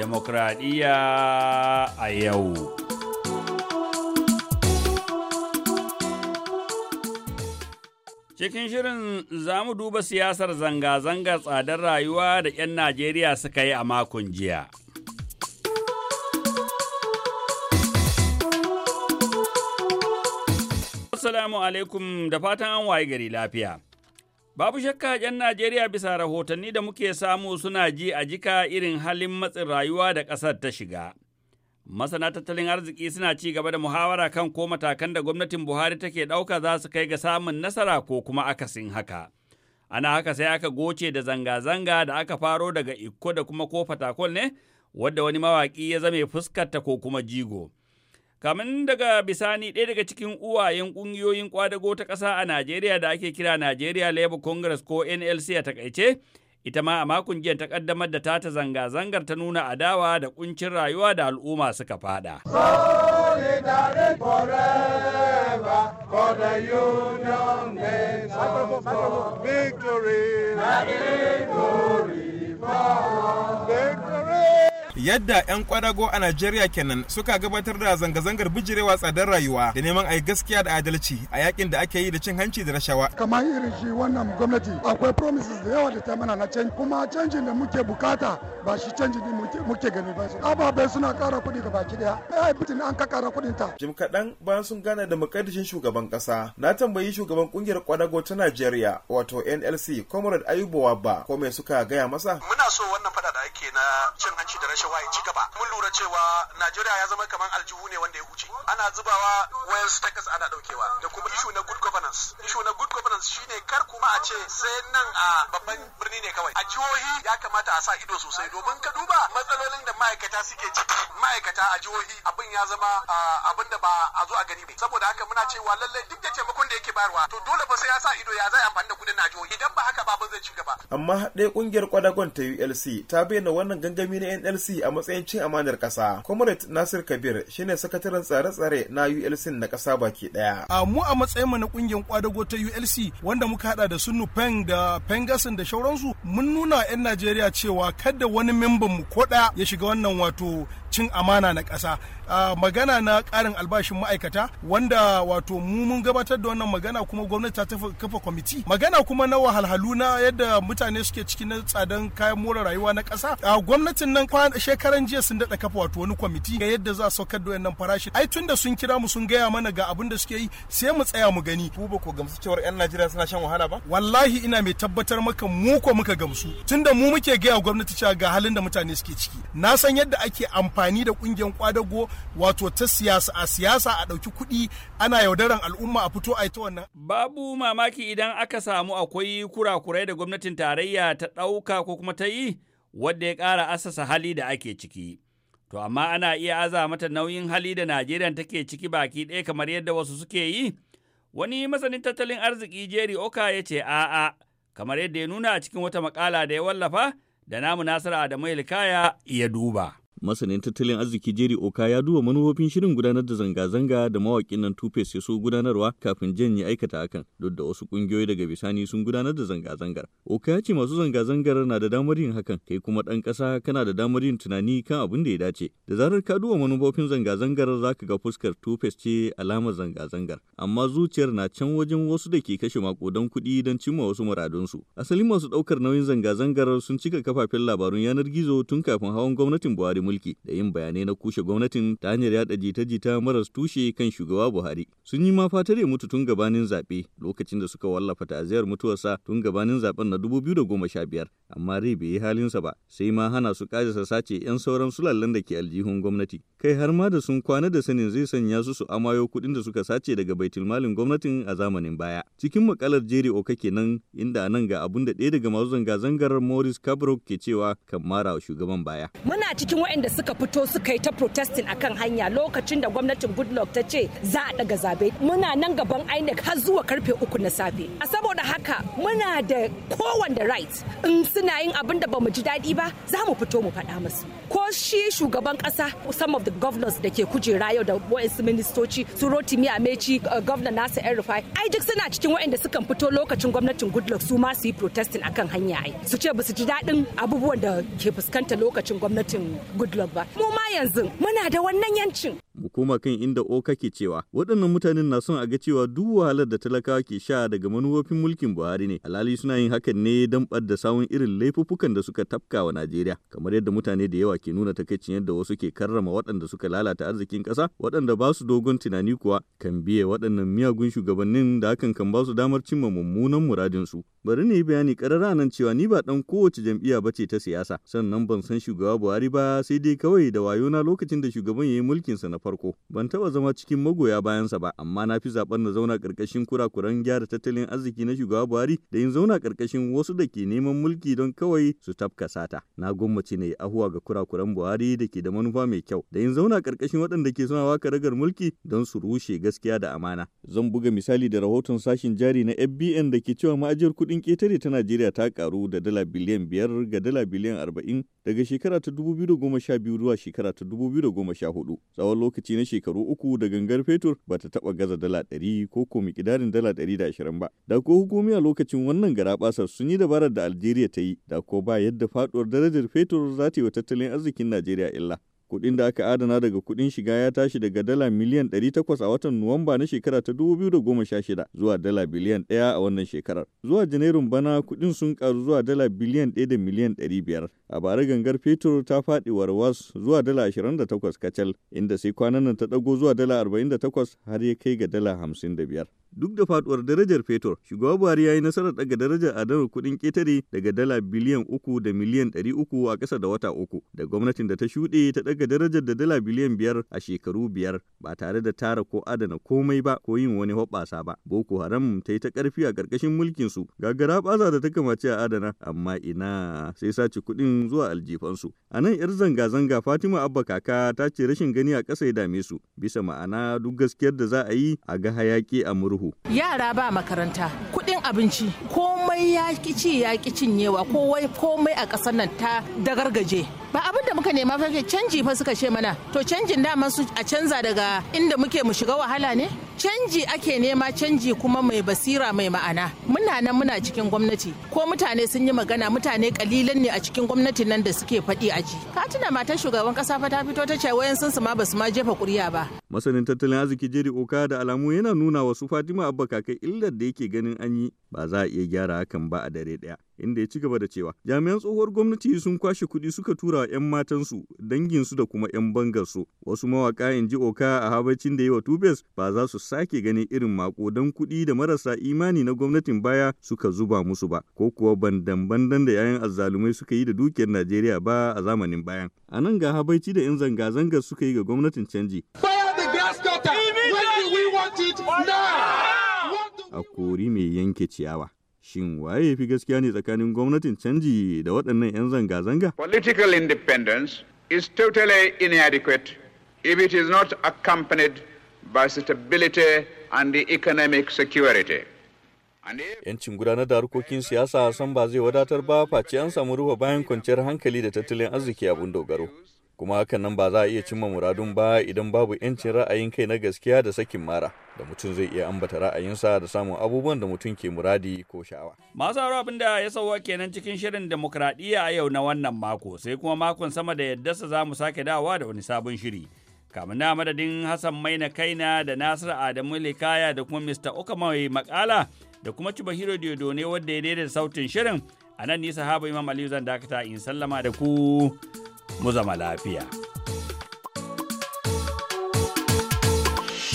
demokradiyya a yau. Cikin shirin za mu duba siyasar zanga-zangar tsadar rayuwa da 'yan Najeriya suka yi a makon jiya. Assalamu alaikum da fatan an wayi gari lafiya. Babu shakka ‘yan Najeriya bisa rahotanni da muke samu suna ji a jika irin halin matsin rayuwa da ƙasar ta shiga. Masana tattalin arziki suna ci gaba da muhawara kan ko matakan da gwamnatin Buhari take ɗauka za su kai ga samun nasara ko kuma akasin haka. Ana haka sai aka goce da zanga-zanga da aka faro daga Ikko da kuma ko ne, wadda wani mawaki ya zame fuskarta ko kuma jigo. Kamin daga bisani ɗaya daga cikin uwayen ƙungiyoyin ƙwadago ta ƙasa a Najeriya da ake kira Najeriya Labour Congress ko NLC a takaice, ita ma a makon jiya ta ƙaddamar da tata zanga-zangar ta nuna adawa da ƙuncin rayuwa da al'umma suka fada. Victory, victory, victory, yadda 'yan kwadago a Najeriya kenan suka gabatar da zanga-zangar bijirewa tsadar rayuwa da neman a yi gaskiya da adalci a yakin da ake yi da cin hanci da rashawa. Kamar irin shi wannan gwamnati akwai promises da yawa da ta mana na canji kuma canjin da muke bukata ba shi canjin da muke gani ba. Ababai suna kara kuɗi ga baki ɗaya. Ai bitin an ka kara kuɗin ta. Jim kaɗan bayan sun gana da mukaddishin shugaban ƙasa na tambayi shugaban ƙungiyar kwadago ta Najeriya wato NLC Comrade Ayubu Wabba ko me suka gaya masa. Muna so wannan faɗa ake na cin hanci da rashawa ya ci gaba mun lura cewa najeriya ya zama kamar aljihu ne wanda ya huce ana zubawa wayan stakas ana daukewa da kuma ishu na good governance ishu na good governance shine kar kuma a ce sai nan a babban birni ne kawai a jihohi ya kamata a sa ido sosai domin ka duba matsalolin da ma'aikata suke ciki ma'aikata a jihohi abin ya zama abin da ba a zo a gani ba saboda haka muna cewa lallai duk da taimakon da yake bayarwa to dole ba sai ya sa ido ya zai amfani da kudin na jihohi idan ba abin zai ci gaba. Amma ɗaya ƙungiyar kwadagon ta ULC ta bayyana wannan gangami na NLC a matsayin cin amanar ƙasa. Comrade Nasir Kabir shine sakataren tsare-tsare na ULC na ƙasa baki ɗaya. A mu a matsayinmu na ƙungiyar kwadago ta ULC wanda muka haɗa da Sunu Peng da Pengasin da shauransu mun nuna 'yan Najeriya cewa kada wani memban mu ko ɗaya ya shiga wannan wato cin amana na ƙasa magana na ƙarin albashin ma'aikata wanda wato mu mun gabatar da wannan magana kuma gwamnati ta tafi kafa kwamiti magana kuma na wahalhalu na yadda mutane suke cikin na tsadan kayan more rayuwa na ƙasa gwamnatin nan shekaran jiya sun daɗa kafa wato wani kwamiti ga yadda za su saukar da wannan farashin ai da sun kira mu sun gaya mana ga abin da suke yi sai mu tsaya mu gani ku ba ku gamsu cewar yan Najeriya suna shan wahala ba wallahi ina mai tabbatar maka mu ko muka gamsu tunda mu muke gaya gwamnati cewa ga halin da mutane suke ciki na san yadda ake amfani amfani da kungiyar kwadago wato ta siyasa a siyasa a ɗauki kuɗi ana yaudaran al'umma a fito a ita wannan. Babu mamaki idan aka samu akwai kurakurai da gwamnatin tarayya ta ɗauka ko kuma ta yi wadda ya kara asasa hali da ake ciki. To amma ana iya aza mata nauyin hali da Najeriya take ciki baki ɗaya kamar yadda wasu suke yi. Wani masanin tattalin arziki Jerry Oka ya ce a'a kamar yadda ya nuna a cikin wata makala da ya wallafa da namu Nasiru Adamu likaya ya duba. masanin tattalin arziki jeri oka ya duba manufofin shirin gudanar da zanga-zanga da mawakin nan tupac ya so gudanarwa kafin jen ya aikata hakan duk da wasu ƙungiyoyi daga bisani sun gudanar da zanga-zangar oka ya ce masu zanga-zangar na da damar yin hakan kai kuma ɗan ƙasa kana da damar yin tunani kan abin da ya dace da zarar ka duba manufofin zanga-zangar za ka ga fuskar tupac ce alamar zanga-zangar amma zuciyar na can wajen wasu da ke kashe makudan kuɗi don cimma wasu muradunsu asalin masu ɗaukar nauyin zanga-zangar sun cika kafafen labarun yanar gizo tun kafin hawan gwamnatin buhari mulki da yin bayanai na kushe gwamnatin ta hanyar yada jita-jita maras tushe kan shugaba Buhari. Sun yi ma fatar ya mutu tun gabanin zaɓe lokacin da suka wallafa ta'aziyar mutuwarsa tun gabanin zaɓen na dubu da goma sha biyar amma rai bai yi halinsa ba sai ma hana su sa sace 'yan sauran sulallen da ke aljihun gwamnati. Kai har ma da sun kwana da sanin zai sanya su su amayo kuɗin da suka sace daga baitulmalin gwamnatin a zamanin baya. Cikin makalar jeri oka kenan inda nan ga abun da ɗaya daga masu zanga-zangar Morris Cabrok ke cewa kan mara wa shugaban baya. Muna cikin da suka fito suka yi ta protesting akan hanya lokacin da gwamnatin goodluck ta ce za a daga zabe muna nan gaban inec har zuwa karfe uku na safe a saboda haka muna da da right in suna yin abin da bamu ji daɗi ba za mu fito mu faɗa musu ko shi shugaban ƙasa some of the governors da ke kujera yau da wa'insu ministoci su mi a gwamna nasa yan rufai ai duk suna cikin wa'inda suka fito lokacin gwamnatin goodluck su ma su yi protesting akan hanya ai su ce ba su ji daɗin abubuwan da ke fuskanta lokacin gwamnatin goodluck goodluck ba mu ma yanzu muna da wannan yancin mu koma kan inda oka ke cewa waɗannan mutanen na son a ga cewa duk wahalar da talakawa ke sha daga manufofin mulkin buhari ne alhali suna yin hakan ne don ɓadda sawun irin laifuffukan da suka tafka wa najeriya kamar yadda mutane da yawa ke nuna takaicin yadda wasu ke karrama waɗanda suka lalata arzikin ƙasa waɗanda ba su dogon tunani kuwa kan biye waɗannan miyagun shugabannin da hakan kan ba su damar cimma mummunan muradinsu bari ne bayani karara nan cewa ni ba ɗan kowace jam'iyya ba ce ta siyasa sannan ban san shugaba buhari ba sai dai kawai da wayona lokacin da shugaban ya yi mulkinsa na farko. Ban taɓa zama cikin magoya bayansa ba, amma na fi zaɓen na zauna ƙarƙashin kurakuran gyara tattalin arziki na shugaba Buhari da yin zauna ƙarƙashin wasu da ke neman mulki don kawai su tafka sata. Na gwammace yi ahuwa ga kurakuran Buhari da ke da manufa mai kyau, da yin zauna ƙarƙashin waɗanda ke suna waka ragar mulki don su rushe gaskiya da amana. Zan buga misali da rahoton sashin jari na FBN da ke cewa ma'ajiyar kuɗin ƙetare ta Najeriya ta karu da dala biliyan biyar ga dala biliyan arba'in daga shekara ta 2012 zuwa shekara ta 2014 tsawon lokaci na shekaru uku da gangar fetur ba ta taɓa gaza dala ɗari ko ko miƙidarin dala ɗari da ashirin ba. Da ko hukumi a lokacin wannan garaɓasar sun yi dabarar da Algeria ta yi da ko ba yadda faɗuwar darajar fetur za ta yi wa tattalin arzikin Najeriya illa. kuɗin da aka adana daga kuɗin shiga ya tashi daga dala miliyan takwas a watan Nuwamba na shekara ta shida zuwa dala biliyan ɗaya a wannan shekarar. Zuwa Janairun bana kuɗin sun ƙaru zuwa dala biliyan ɗaya da miliyan ɗari biyar. a bara gangar fetur ta faɗi warwas zuwa dala 28 kacal inda sai kwanan nan ta ɗago zuwa dala 48 har ya kai ga dala 55 duk da faduwar darajar fetur shugaba buhari ya yi nasarar daga darajar adana kuɗin ƙetare daga dala biliyan uku da miliyan ɗari uku a ƙasa da wata uku da gwamnatin da ta shuɗe ta daga darajar da dala biliyan biyar a shekaru biyar ba tare da tara ko adana komai ba ko yin wani hoɓɓasa ba boko haram ta yi ta ƙarfi a ƙarƙashin mulkinsu gagara ɓaza da ta kamace a adana amma ina sai sace kuɗin zuwa aljifansu. A nan 'yar zanga-zanga Fatima Abba Kaka ta ce rashin gani a ƙasa ya dame su, bisa ma'ana duk gaskiyar da za a yi a ga hayaƙi a murhu. Yara ba makaranta, kuɗin abinci, komai ya ci ya ƙi cinyewa, komai a ƙasar nan ta dagargaje. ba abin da muka nema fake canji fa suka ce mana to canjin dama su a canza daga inda muke mu shiga wahala ne canji ake nema canji kuma mai basira mai ma'ana muna nan muna cikin gwamnati ko mutane sun yi magana mutane kalilan ne a cikin gwamnati nan da suke faɗi a ji ka tuna matar shugaban kasa fa ta fito ta ce wayan sun su ma basu ma jefa kuriya ba masanin tattalin arziki jeri oka da alamu yana nuna wasu fatima abba kakai illar da yake ganin an yi ba za a iya gyara hakan ba a dare ɗaya inda ya ci gaba da cewa jami'an tsohuwar gwamnati sun kwashe kuɗi suka tura wa 'yan matansu danginsu da kuma 'yan bangarsu wasu mawaka in ji oka a habacin da yi wa tubes ba za su sake ganin irin makodan kuɗi da marasa imani na gwamnatin baya suka zuba musu ba ko kuwa bandan-bandan da 'ya'yan azzalumai suka yi da dukiyar najeriya ba a zamanin bayan a nan ga habaici da 'yan zanga-zangar suka yi ga gwamnatin canji. A kori mai yanke ciyawa. Shin waye ya fi gaskiya ne tsakanin gwamnatin canji da waɗannan 'yan zanga-zanga? Political independence is totally inadequate if it is not accompanied by stability and the economic security. Yancin gudanar da harkokin siyasa san ba zai wadatar ba face an samu ruwa bayan kwanciyar hankali da tattalin arziki abin dogaro. kuma hakan nan ba za a iya cimma muradun ba idan babu yancin ra'ayin kai na gaskiya da sakin mara da mutum zai iya ambata ra'ayinsa da samun abubuwan da mutum ke muradi ko sha'awa. Masu haro abin da ya sauwa kenan cikin shirin demokradiyya a yau na wannan mako sai kuma makon sama da yaddarsa za mu sake dawa da wani sabon shiri. Kamun na madadin Hassan Maina Kaina da Nasiru Adamu Likaya da kuma Mr. Okamai Makala da kuma ci Cibahiro Diodone wadda ya daidaita sautin shirin a nan nisa habu Imam Aliyu zan dakata in sallama da ku mu zama lafiya.